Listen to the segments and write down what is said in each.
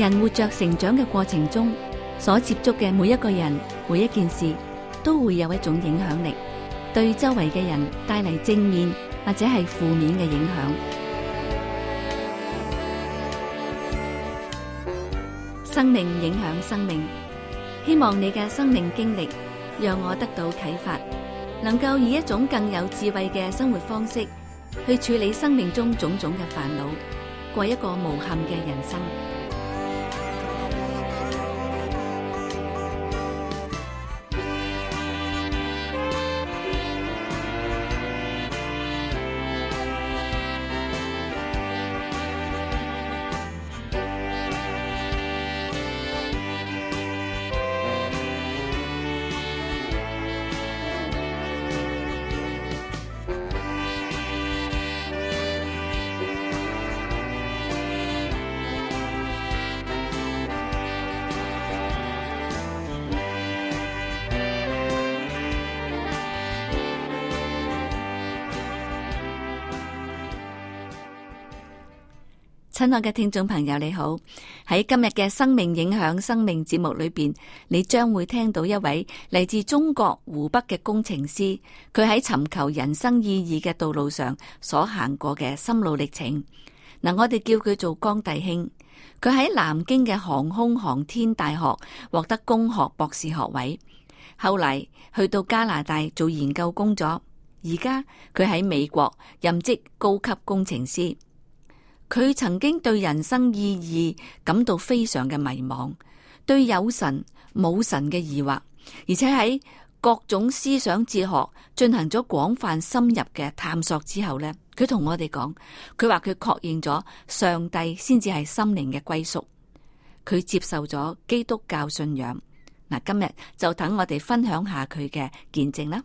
人活着成長嘅過程中，所接觸嘅每一個人、每一件事，都會有一種影響力，對周圍嘅人帶嚟正面或者係負面嘅影響。 生命影響生命，希望你嘅生命經歷讓我得到啟發，能夠以一種更有智慧嘅生活方式去處理生命中種種嘅煩惱，過一個無憾嘅人生。親愛嘅聽眾朋友，你好！喺今日嘅生命影響生命節目裏邊，你將會聽到一位嚟自中國湖北嘅工程師，佢喺尋求人生意義嘅道路上所行過嘅心路歷程。嗱，我哋叫佢做江弟兄，佢喺南京嘅航空航天大學獲得工學博士學位，後嚟去到加拿大做研究工作，而家佢喺美國任職高級工程師。佢曾經對人生意義感到非常嘅迷茫，對有神冇神嘅疑惑，而且喺各種思想哲學進行咗廣泛深入嘅探索之後呢，佢同我哋講，佢話佢確認咗上帝先至係心靈嘅歸宿，佢接受咗基督教信仰。嗱，今日就等我哋分享下佢嘅見證啦。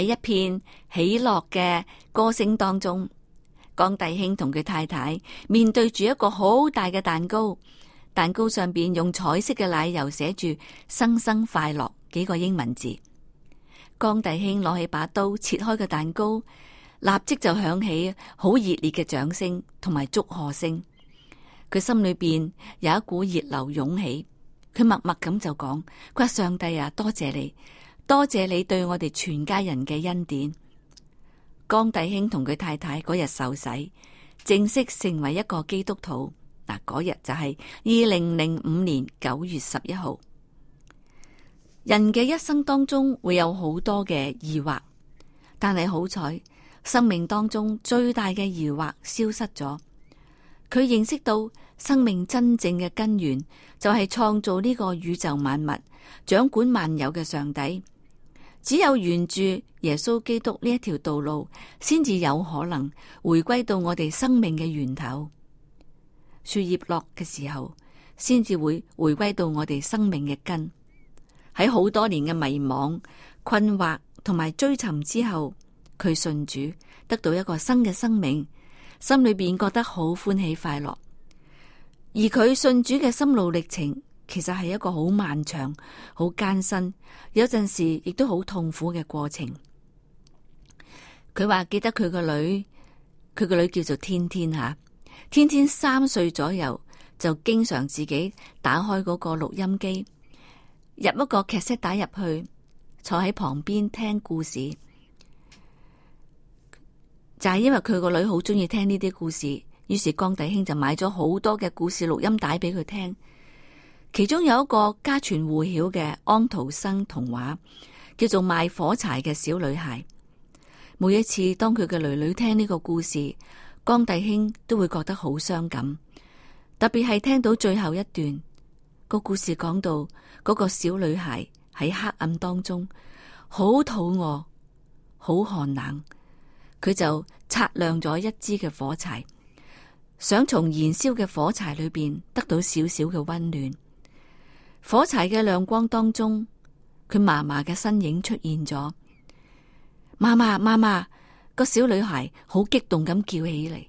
喺一片喜樂嘅歌聲當中，江弟兄同佢太太面對住一個好大嘅蛋糕，蛋糕上邊用彩色嘅奶油寫住“生生快樂”幾個英文字。江弟兄攞起把刀切開個蛋糕，立即就響起好熱烈嘅掌聲同埋祝賀聲。佢心裏邊有一股熱流湧起，佢默默咁就講：佢話上帝啊，多謝你。多謝你對我哋全家人嘅恩典。江弟兄同佢太太嗰日受洗，正式成為一個基督徒。嗱，嗰日就係二零零五年九月十一號。人嘅一生當中會有好多嘅疑惑，但係好彩，生命當中最大嘅疑惑消失咗。佢認識到生命真正嘅根源，就係創造呢個宇宙萬物、掌管萬有嘅上帝。只有沿住耶穌基督呢一條道路，先至有可能回歸到我哋生命嘅源頭。樹葉落嘅時候，先至會回歸到我哋生命嘅根。喺好多年嘅迷惘、困惑同埋追尋之後，佢信主，得到一個新嘅生命，心裏邊覺得好歡喜快樂。而佢信主嘅心路歷程。其實係一個好漫長、好艱辛，有陣時亦都好痛苦嘅過程。佢話記得佢個女，佢個女叫做天天吓，天天三歲左右就經常自己打開嗰個錄音機，入一個卡式帶入去，坐喺旁邊聽故事。就係、是、因為佢個女好中意聽呢啲故事，於是江弟兄就買咗好多嘅故事錄音帶俾佢聽。其中有一個家傳戶曉嘅安徒生童話，叫做《賣火柴嘅小女孩》。每一次當佢嘅囡囡聽呢個故事，江弟兄都會覺得好傷感。特別係聽到最後一段，個故事講到嗰個小女孩喺黑暗當中好肚餓、好寒冷，佢就擦亮咗一支嘅火柴，想從燃燒嘅火柴裏邊得到少少嘅温暖。火柴嘅亮光當中，佢嫲嫲嘅身影出現咗。嫲嫲，嫲嫲，小那個那個小女孩好激動咁叫起嚟。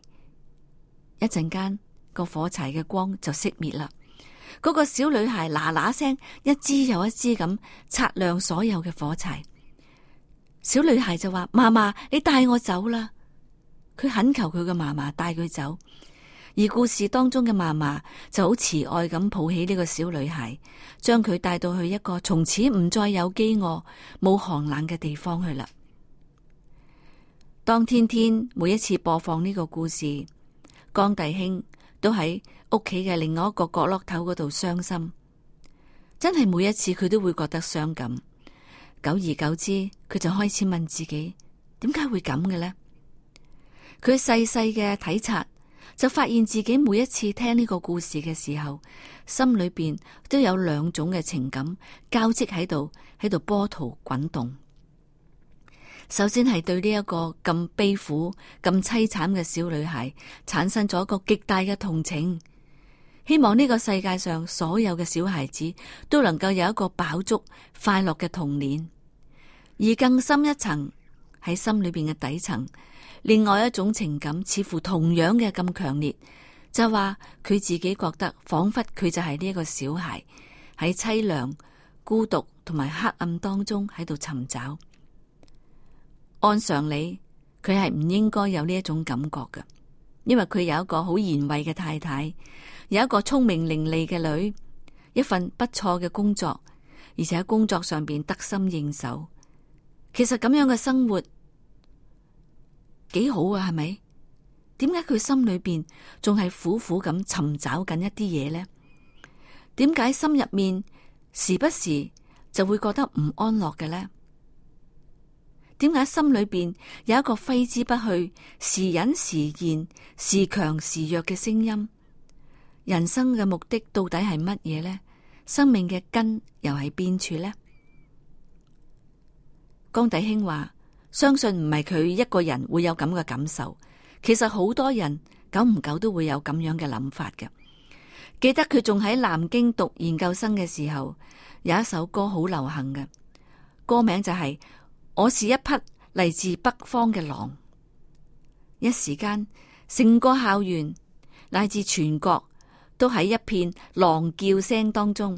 一陣間個火柴嘅光就熄滅啦。嗰個小女孩嗱嗱聲，一支又一支咁擦亮所有嘅火柴。小女孩就話：嫲嫲，你帶我走啦！佢懇求佢嘅嫲嫲帶佢走。而故事當中嘅嫲嫲就好慈愛咁抱起呢個小女孩，將佢帶到去一個從此唔再有飢餓、冇寒冷嘅地方去啦。當天天每一次播放呢個故事，江弟兄都喺屋企嘅另外一個角落頭嗰度傷心，真係每一次佢都會覺得傷感。久而久之，佢就開始問自己，點解會咁嘅呢？小小」佢細細嘅體察，就發現自己每一次聽呢個故事嘅時候，心裏邊都有兩種嘅情感交織喺度，喺度波濤滾動。首先係對呢一個咁悲苦、咁淒慘嘅小女孩產生咗一個極大嘅同情，希望呢個世界上所有嘅小孩子都能夠有一個飽足、快樂嘅童年。而更深一層喺心裏邊嘅底層。另外一種情感似乎同樣嘅咁強烈，就話佢自己覺得彷彿佢就係呢個小孩喺淒涼、孤獨同埋黑暗當中喺度尋找。按常理，佢係唔應該有呢一種感覺嘅，因為佢有一個好賢惠嘅太太，有一個聰明伶俐嘅女，一份不錯嘅工作，而且喺工作上邊得心應手。其實咁樣嘅生活。幾好啊，係咪？點解佢心裏邊仲係苦苦咁尋找緊一啲嘢呢？點解心入面時不時就會覺得唔安樂嘅呢？點解心裏邊有一個揮之不去、時隱時現、時強時弱嘅聲音？人生嘅目的到底係乜嘢呢？生命嘅根又係邊處呢？江底興話。相信唔係佢一個人會有咁嘅感受，其實好多人久唔久都會有咁樣嘅諗法嘅。記得佢仲喺南京讀研究生嘅時候，有一首歌好流行嘅，歌名就係、是《我是一匹嚟自北方嘅狼》。一時間，成個校園乃至全國都喺一片狼叫聲當中。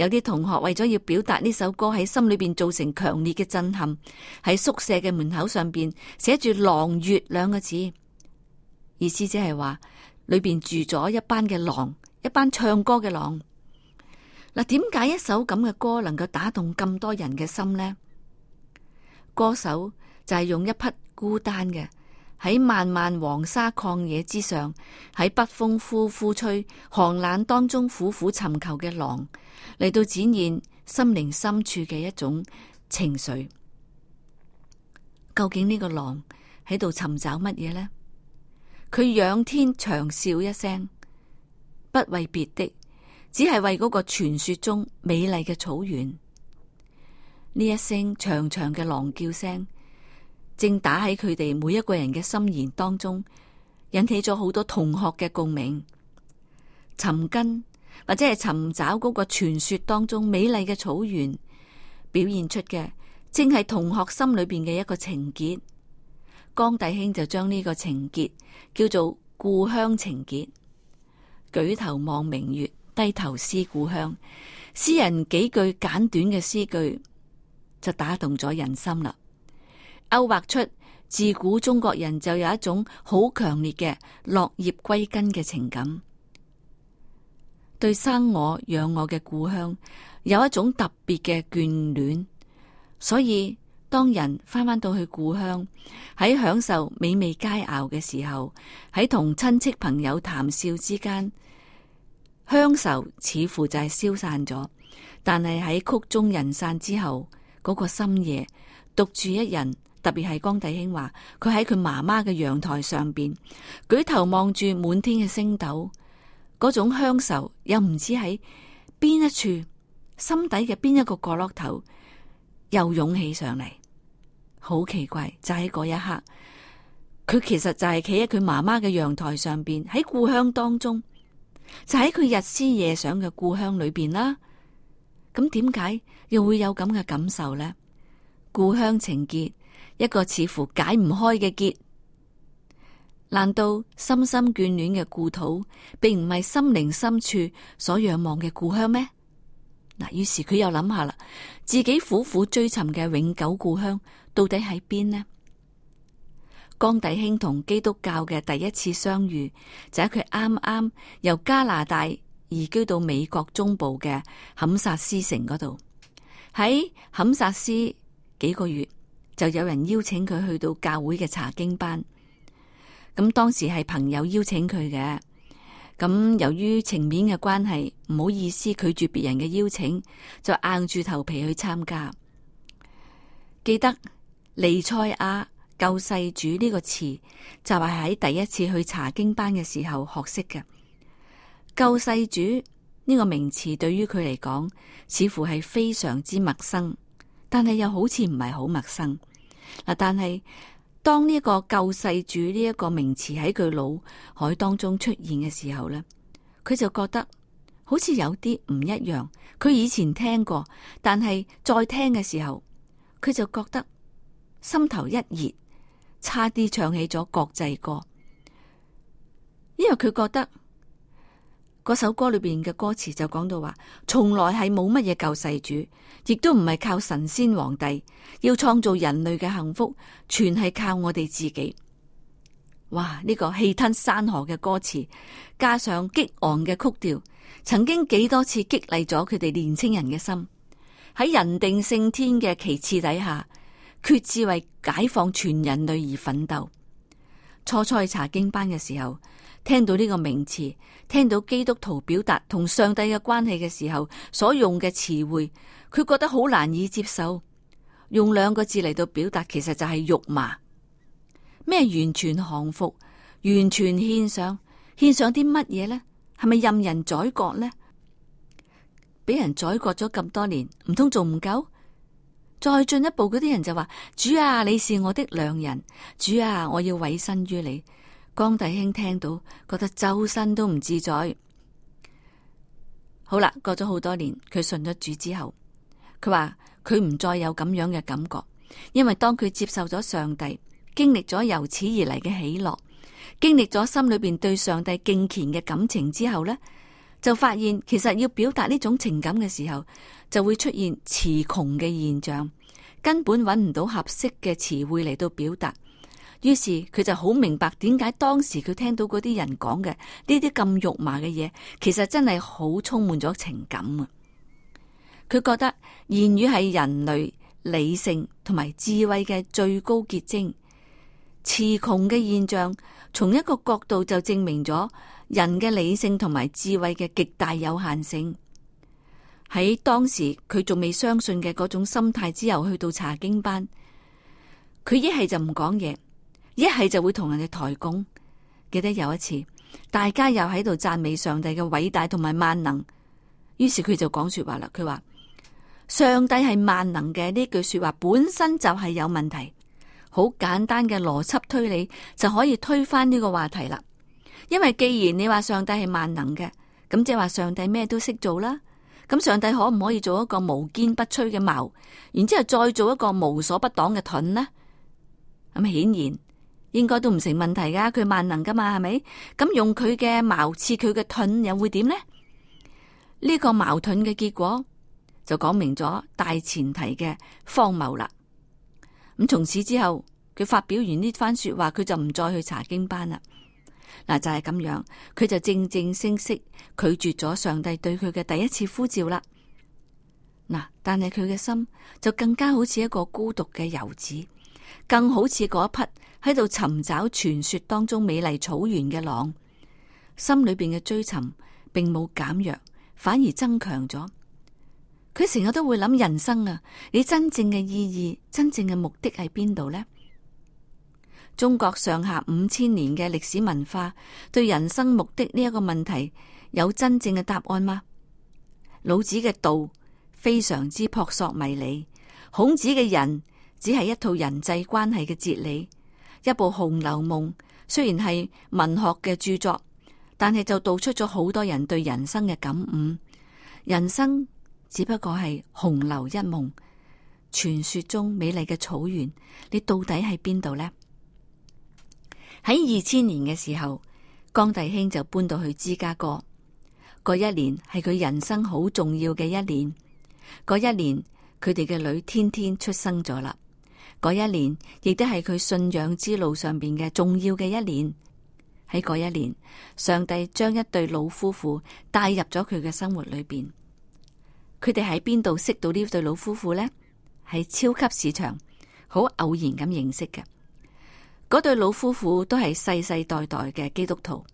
有啲同學為咗要表達呢首歌喺心裏邊造成強烈嘅震撼，喺宿舍嘅門口上邊寫住“狼月”兩個字，意思即係話裏邊住咗一班嘅狼，一班唱歌嘅狼。嗱，點解一首咁嘅歌能夠打動咁多人嘅心呢？歌手就係用一匹孤單嘅。喺漫漫黃沙曠野之上，喺北風呼呼吹，寒冷當中苦苦尋求嘅狼，嚟到展現心靈深處嘅一種情緒。究竟呢個狼喺度尋找乜嘢呢？佢仰天長嘯一聲，不為別的，只係為嗰個傳說中美麗嘅草原。呢一聲長長嘅狼叫聲。正打喺佢哋每一個人嘅心弦當中，引起咗好多同學嘅共鳴。尋根或者係尋找嗰個傳說當中美麗嘅草原，表現出嘅正係同學心裏邊嘅一個情結。江大兄就將呢個情結叫做故鄉情結。舉頭望明月，低頭思故鄉。詩人幾句簡短嘅詩句，就打動咗人心啦。勾畫出自古中國人就有一種好強烈嘅落葉歸根嘅情感，對生我養我嘅故鄉有一種特別嘅眷戀。所以當人翻返到去故鄉，喺享受美味佳餚嘅時候，喺同親戚朋友談笑之間，鄉愁似乎就係消散咗。但係喺曲終人散之後，嗰個深夜獨住一人。特別係江弟兄話，佢喺佢媽媽嘅陽台上邊，舉頭望住滿天嘅星斗，嗰種鄉愁又唔知喺邊一處心底嘅邊一個角落頭又湧起上嚟，好奇怪。就喺、是、嗰一刻，佢其實就係企喺佢媽媽嘅陽台上邊，喺故鄉當中，就喺佢日思夜想嘅故鄉裏邊啦。咁點解又會有咁嘅感受呢？故鄉情結。一個似乎解唔開嘅結，難道深深眷戀嘅故土，並唔係心靈深處所仰望嘅故鄉咩？嗱，於是佢又諗下啦，自己苦苦追尋嘅永久故鄉到底喺邊呢？江弟兄同基督教嘅第一次相遇，就喺佢啱啱由加拿大移居到美國中部嘅坎薩斯城嗰度，喺坎薩斯幾個月。就有人邀請佢去到教會嘅查經班。咁當時係朋友邀請佢嘅，咁由於情面嘅關係，唔好意思拒絕別人嘅邀請，就硬住頭皮去參加。記得彌賽亞救世主呢個詞就係喺第一次去查經班嘅時候學識嘅。救世主呢個名詞對於佢嚟講似乎係非常之陌生，但係又好似唔係好陌生。嗱，但係當呢個救世主呢一個名詞喺佢腦海當中出現嘅時候咧，佢就覺得好似有啲唔一樣。佢以前聽過，但係再聽嘅時候，佢就覺得心頭一熱，差啲唱起咗國際歌，因為佢覺得。嗰首歌裏邊嘅歌詞就講到話，從來係冇乜嘢救世主，亦都唔係靠神仙皇帝，要創造人類嘅幸福，全係靠我哋自己。哇！呢個氣吞山河嘅歌詞，加上激昂嘅曲調，曾經幾多次激勵咗佢哋年青人嘅心。喺人定勝天嘅旗幟底下，決志為解放全人類而奮鬥。初初去查經班嘅時候。聽到呢個名詞，聽到基督徒表達同上帝嘅關係嘅時候所用嘅詞彙，佢覺得好難以接受。用兩個字嚟到表達，其實就係辱罵。咩完全降服、完全獻上，獻上啲乜嘢呢？係咪任人宰割呢？俾人宰割咗咁多年，唔通仲唔夠？再進一步嗰啲人就話：主啊，你是我的良人。主啊，我要委身於你。江弟兄聽到，覺得周身都唔自在。好啦，過咗好多年，佢信咗主之後，佢話佢唔再有咁樣嘅感覺，因為當佢接受咗上帝，經歷咗由此而嚟嘅喜樂，經歷咗心裏邊對上帝敬虔嘅感情之後呢，就發現其實要表達呢種情感嘅時候，就會出現詞窮嘅現象，根本揾唔到合適嘅詞彙嚟到表達。於是佢就好明白點解當時佢聽到嗰啲人講嘅呢啲咁肉麻嘅嘢，其實真係好充滿咗情感啊！佢覺得言語係人類理性同埋智慧嘅最高結晶，詞窮嘅現象從一個角度就證明咗人嘅理性同埋智慧嘅極大有限性。喺當時佢仲未相信嘅嗰種心態之後，去到查經班，佢一係就唔講嘢。一係就會同人哋抬槓。記得有一次，大家又喺度讚美上帝嘅偉大同埋萬能，於是佢就講說話啦。佢話上帝係萬能嘅呢句說話本身就係有問題，好簡單嘅邏輯推理就可以推翻呢個話題啦。因為既然你話上帝係萬能嘅，咁即係話上帝咩都識做啦。咁上帝可唔可以做一個無堅不摧嘅矛，然之後再做一個無所不擋嘅盾呢？咁顯然。應該都唔成問題噶，佢萬能噶嘛，係咪？咁用佢嘅矛刺佢嘅盾又會點呢？呢個矛盾嘅結果就講明咗大前提嘅荒謬啦。咁從此之後，佢發表完呢番說話，佢就唔再去查經班啦。嗱，就係咁樣，佢就正正式式拒絕咗上帝對佢嘅第一次呼召啦。嗱，但係佢嘅心就更加好似一個孤獨嘅遊子。更好似嗰一匹喺度尋找傳說當中美麗草原嘅狼，心裏邊嘅追尋並冇減弱，反而增強咗。佢成日都會諗人生啊，你真正嘅意義、真正嘅目的喺邊度呢？中國上下五千年嘅歷史文化，對人生目的呢一個問題有真正嘅答案嗎？老子嘅道非常之撲朔迷離，孔子嘅仁。只係一套人際關係嘅哲理，一部《紅樓夢》雖然係文學嘅著作，但係就道出咗好多人對人生嘅感悟。人生只不過係紅樓一夢。傳說中美麗嘅草原，你到底喺邊度呢？喺二千年嘅時候，江帝興就搬到去芝加哥。嗰一年係佢人生好重要嘅一年。嗰一年，佢哋嘅女天天出生咗啦。嗰一年亦都係佢信仰之路上邊嘅重要嘅一年。喺嗰一年，上帝將一對老夫婦帶入咗佢嘅生活裏邊。佢哋喺邊度識到呢對老夫婦呢？係超級市場，好偶然咁認識嘅。嗰對老夫婦都係世世代代嘅基督徒，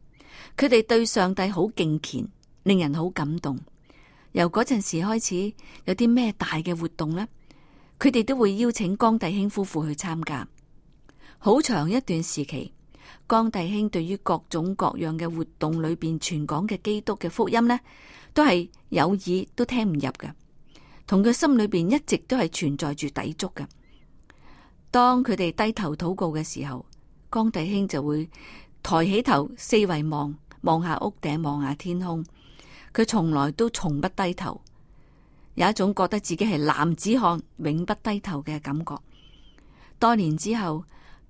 佢哋對上帝好敬虔，令人好感動。由嗰陣時開始，有啲咩大嘅活動呢？佢哋都會邀請江弟兄夫婦去參加。好長一段時期，江弟兄對於各種各樣嘅活動裏邊，傳講嘅基督嘅福音呢，都係有耳都聽唔入嘅，同佢心裏邊一直都係存在住抵觸嘅。當佢哋低頭禱告嘅時候，江弟兄就會抬起頭四圍望，望下屋頂，望下天空。佢從來都從不低頭。有一種覺得自己係男子漢，永不低頭嘅感覺。多年之後，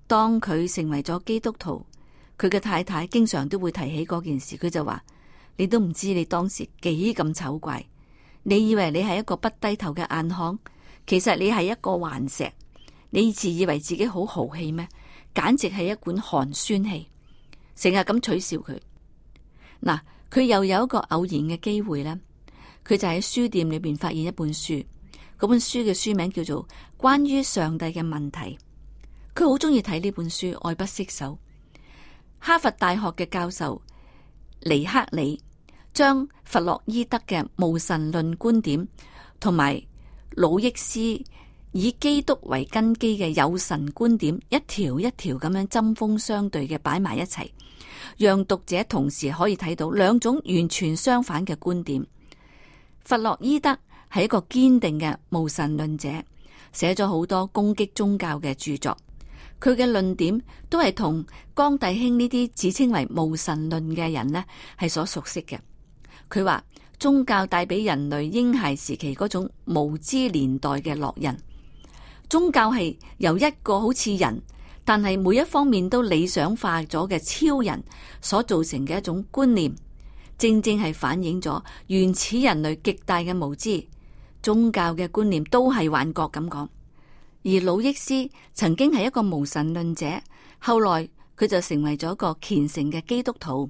當佢成為咗基督徒，佢嘅太太經常都會提起嗰件事。佢就話：「你都唔知你當時幾咁醜怪，你以為你係一個不低頭嘅硬漢，其實你係一個頑石。你以前以為自己好豪氣咩？簡直係一管寒酸氣。」成日咁取笑佢。嗱，佢又有一個偶然嘅機會呢。佢就喺書店裏邊發現一本書，嗰本書嘅書名叫做《關於上帝嘅問題》。佢好鍾意睇呢本書，愛不釋手。哈佛大學嘅教授尼克里將弗洛伊德嘅無神論觀點同埋魯益斯以基督為根基嘅有神觀點一條一條咁樣針鋒相對嘅擺埋一齊，讓讀者同時可以睇到兩種完全相反嘅觀點。弗洛伊德係一個堅定嘅無神論者，寫咗好多攻擊宗教嘅著作。佢嘅論點都係同江大興呢啲自稱為無神論嘅人呢，係所熟悉嘅。佢話宗教帶俾人類嬰孩時期嗰種無知年代嘅落人，宗教係由一個好似人，但係每一方面都理想化咗嘅超人所造成嘅一種觀念。正正係反映咗原始人類極大嘅無知，宗教嘅觀念都係幻覺咁講。而魯益斯曾經係一個無神論者，後來佢就成為咗一個虔誠嘅基督徒，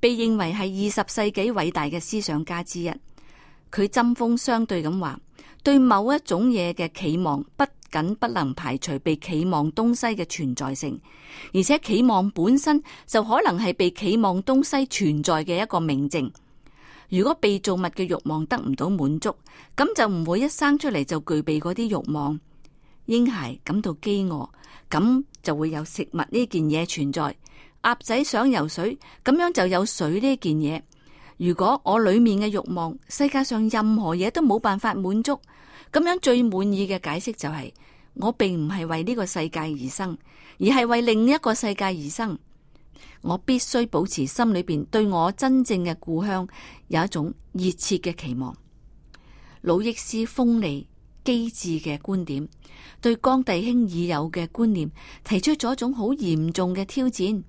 被認為係二十世紀偉大嘅思想家之一。佢針鋒相對咁話，對某一種嘢嘅期望不。僅不能排除被期望東西嘅存在性，而且期望本身就可能係被期望東西存在嘅一個明證。如果被造物嘅慾望得唔到滿足，咁就唔會一生出嚟就具備嗰啲慾望。嬰孩感到飢餓，咁就會有食物呢件嘢存在。鴨仔想游水，咁樣就有水呢件嘢。如果我裏面嘅慾望，世界上任何嘢都冇辦法滿足。咁樣最滿意嘅解釋就係、是、我並唔係為呢個世界而生，而係為另一個世界而生。我必須保持心裏邊對我真正嘅故鄉有一種熱切嘅期望。魯易斯鋒利機智嘅觀點對江弟兄已有嘅觀念提出咗一種好嚴重嘅挑戰。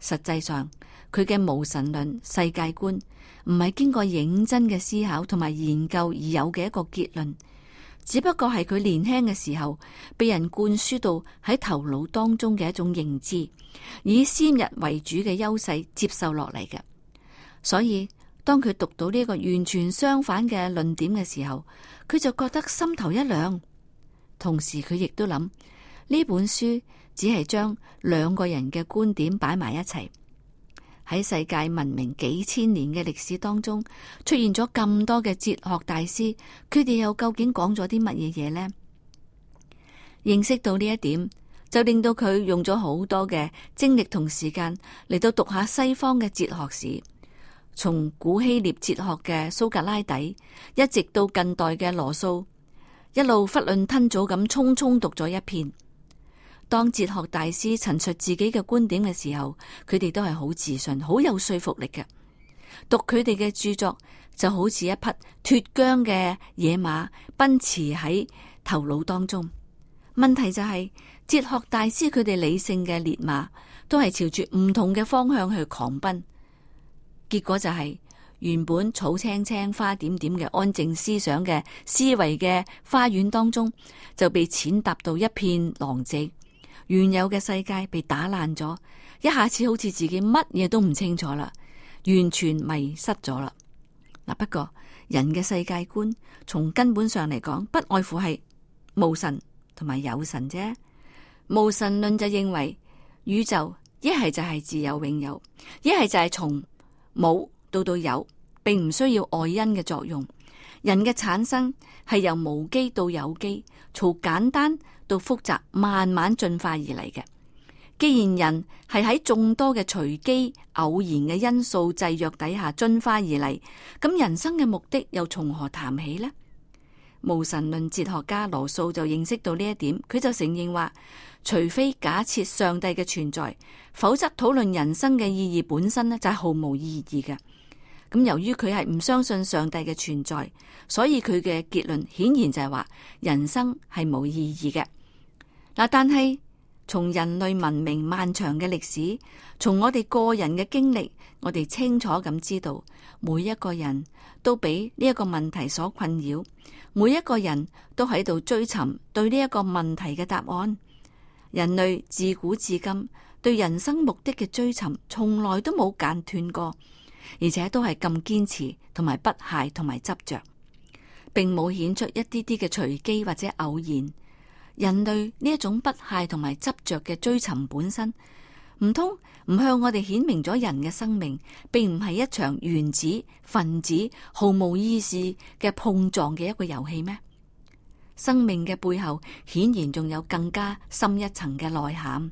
實際上。佢嘅無神論世界觀唔係經過認真嘅思考同埋研究，而有嘅一個結論，只不過係佢年輕嘅時候被人灌輸到喺頭腦當中嘅一種認知，以先入為主嘅優勢接受落嚟嘅。所以當佢讀到呢個完全相反嘅論點嘅時候，佢就覺得心頭一涼。同時佢亦都諗，呢本書只係將兩個人嘅觀點擺埋一齊。喺世界文明幾千年嘅歷史當中，出現咗咁多嘅哲學大師，佢哋又究竟講咗啲乜嘢嘢呢？認識到呢一點，就令到佢用咗好多嘅精力同時間嚟到讀下西方嘅哲學史，從古希臘哲學嘅蘇格拉底，一直到近代嘅羅素，一路囫圇吞棗咁匆匆讀咗一篇。當哲學大師陳述自己嘅觀點嘅時候，佢哋都係好自信、好有說服力嘅。讀佢哋嘅著作就好似一匹脱韁嘅野馬奔馳喺頭腦當中。問題就係、是、哲學大師佢哋理性嘅烈馬都係朝住唔同嘅方向去狂奔，結果就係、是、原本草青青、花點點嘅安靜思想嘅思維嘅花園當中，就被踐踏到一片狼藉。原有嘅世界被打爛咗，一下子好似自己乜嘢都唔清楚啦，完全迷失咗啦。嗱，不過人嘅世界觀從根本上嚟講，不外乎係無神同埋有神啫。無神論就認為宇宙一係就係自有永有，一係就係從冇到到有，並唔需要外因嘅作用。人嘅產生係由無機到有機。從簡單到複雜，慢慢進化而來嘅。既然人係喺眾多嘅隨機偶然嘅因素制約底下進化而來，咁人生嘅目的又從何談起呢？無神論哲學家羅素就認識到呢一點，佢就承認話，除非假設上帝嘅存在，否則討論人生嘅意義本身咧就係毫無意義嘅。咁，由於佢係唔相信上帝嘅存在，所以佢嘅結論顯然就係話人生係冇意義嘅。嗱，但係從人類文明漫長嘅歷史，從我哋個人嘅經歷，我哋清楚咁知道，每一個人都被呢一個問題所困擾，每一個人都喺度追尋對呢一個問題嘅答案。人類自古至今對人生目的嘅追尋，從來都冇間斷過。而且都係咁堅持同埋不懈同埋執着，並冇顯出一啲啲嘅隨機或者偶然。人類呢一種不懈同埋執着嘅追尋本身，唔通唔向我哋顯明咗人嘅生命，並唔係一場原子分子毫無意思嘅碰撞嘅一個遊戲咩？生命嘅背後，顯然仲有更加深一層嘅內涵。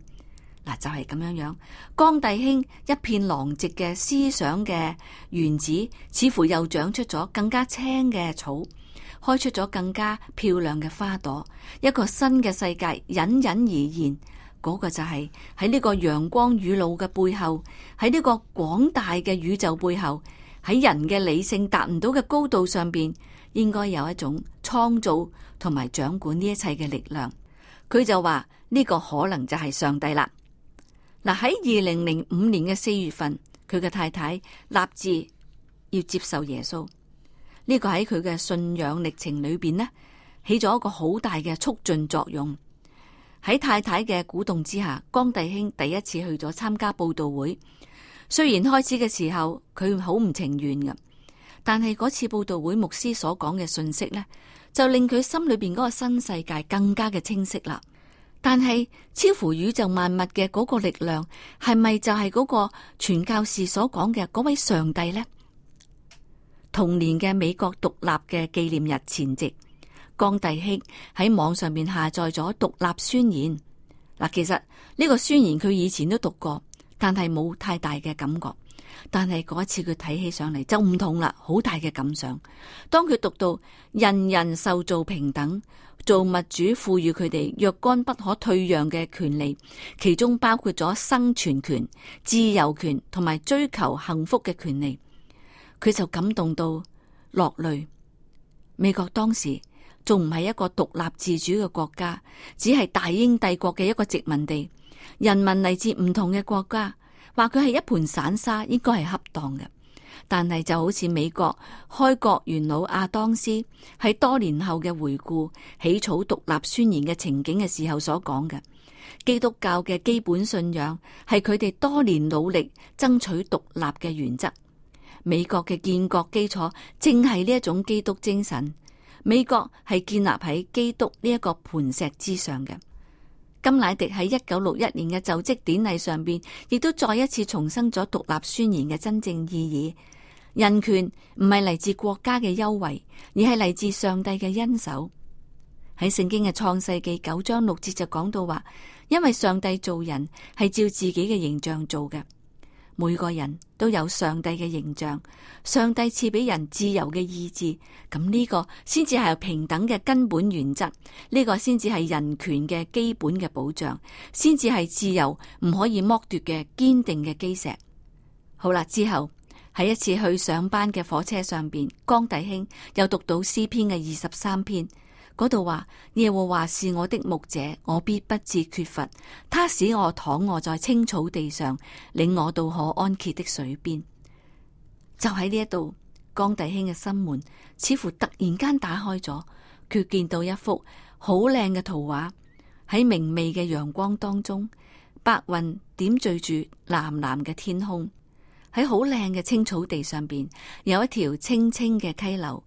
嗱，就係咁樣樣，江弟兄一片狼藉嘅思想嘅原子，似乎又長出咗更加青嘅草，開出咗更加漂亮嘅花朵。一個新嘅世界隱隱而現。嗰、那個就係喺呢個陽光雨露嘅背後，喺呢個廣大嘅宇宙背後，喺人嘅理性達唔到嘅高度上邊，應該有一種創造同埋掌管呢一切嘅力量。佢就話呢、這個可能就係上帝啦。嗱，喺二零零五年嘅四月份，佢嘅太太立志要接受耶穌，呢、這個喺佢嘅信仰歷程裏邊呢起咗一個好大嘅促進作用。喺太太嘅鼓動之下，江弟兄第一次去咗參加布道會。雖然開始嘅時候佢好唔情願嘅，但係嗰次布道會牧師所講嘅信息呢，就令佢心裏邊嗰個新世界更加嘅清晰啦。但係超乎宇宙萬物嘅嗰個力量，係咪就係嗰個傳教士所講嘅嗰位上帝呢？同年嘅美國獨立嘅紀念日前夕，江帝興喺網上面下載咗獨立宣言。嗱，其實呢、呢個宣言佢以前都讀過，但係冇太大嘅感覺。但係嗰次佢睇起上嚟就唔同啦，好大嘅感想。當佢讀到人人受造平等，造物主賦予佢哋若干不可退讓嘅權利，其中包括咗生存權、自由權同埋追求幸福嘅權利，佢就感動到落淚。美國當時仲唔係一個獨立自主嘅國家，只係大英帝國嘅一個殖民地，人民嚟自唔同嘅國家。話佢係一盤散沙，應該係恰當嘅。但係就好似美國開國元老阿當斯喺多年後嘅回顧起草獨立宣言嘅情景嘅時候所講嘅，基督教嘅基本信仰係佢哋多年努力爭取獨立嘅原則。美國嘅建國基礎正係呢一種基督精神。美國係建立喺基督呢一個磐石之上嘅。甘乃迪喺一九六一年嘅就職典禮上邊，亦都再一次重申咗獨立宣言嘅真正意義。人權唔係嚟自國家嘅優惠，而係嚟自上帝嘅恩手。喺聖經嘅創世記九章六節就講到話，因為上帝造人係照自己嘅形象做嘅。每個人都有上帝嘅形象，上帝賜俾人自由嘅意志，咁呢個先至係平等嘅根本原則，呢、這個先至係人權嘅基本嘅保障，先至係自由唔可以剝奪嘅堅定嘅基石。好啦，之後喺一次去上班嘅火車上邊，江弟兄又讀到詩篇嘅二十三篇。嗰度話耶和華是我的牧者，我必不致缺乏。他使我躺臥在青草地上，領我到可安歇的水邊。就喺呢一度，江弟兄嘅心門似乎突然間打開咗，佢見到一幅好靚嘅圖畫。喺明媚嘅陽光當中，白雲點綴住藍藍嘅天空。喺好靚嘅青草地上邊，有一條青青嘅溪流。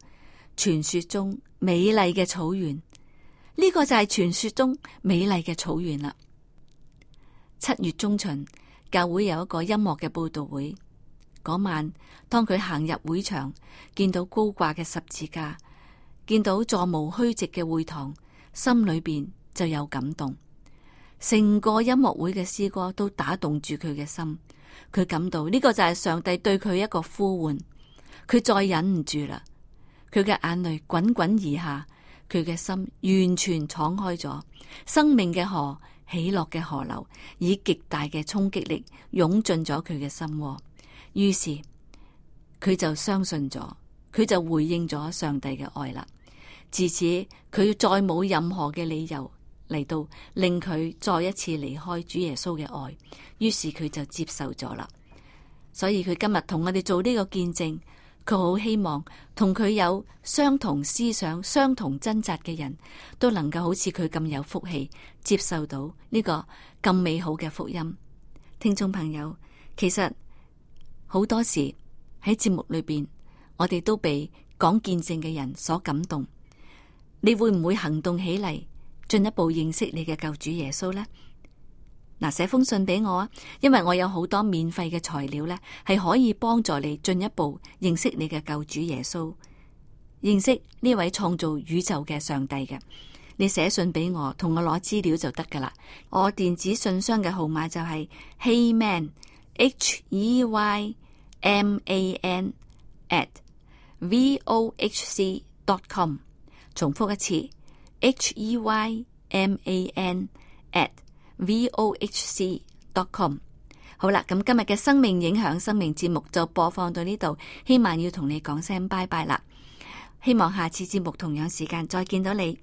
傳說中。美麗嘅草原，呢個就係傳說中美麗嘅草原啦。七月中旬，教會有一個音樂嘅報道會。嗰晚，當佢行入會場，見到高掛嘅十字架，見到座無虛席嘅會堂，心裏邊就有感動。成個音樂會嘅詩歌都打動住佢嘅心，佢感到呢個就係上帝對佢一個呼喚，佢再忍唔住啦。佢嘅眼淚滾滾而下，佢嘅心完全敞開咗，生命嘅河、喜樂嘅河流，以極大嘅衝擊力湧進咗佢嘅心窩。於是佢就相信咗，佢就回應咗上帝嘅愛啦。自此，佢再冇任何嘅理由嚟到令佢再一次離開主耶穌嘅愛。於是佢就接受咗啦。所以佢今日同我哋做呢個見證。佢好希望同佢有相同思想、相同掙扎嘅人都能夠好似佢咁有福氣，接受到呢個咁美好嘅福音。聽眾朋友，其實好多時喺節目裏邊，我哋都被講見證嘅人所感動。你會唔會行動起嚟，進一步認識你嘅救主耶穌呢？嗱，寫封信俾我啊，因為我有好多免費嘅材料咧，係可以幫助你進一步認識你嘅救主耶穌，認識呢位創造宇宙嘅上帝嘅。你寫信俾我，同我攞資料就得噶啦。我電子信箱嘅號碼就係 Heyman，H E Y M A N at V O H C dot com。重複一次，H E Y M A N at。vohc.com，好喇，咁今日嘅生命影響生命節目就播放到呢度，希望要同你講聲拜拜喇，希望下次節目同樣時間再見到你。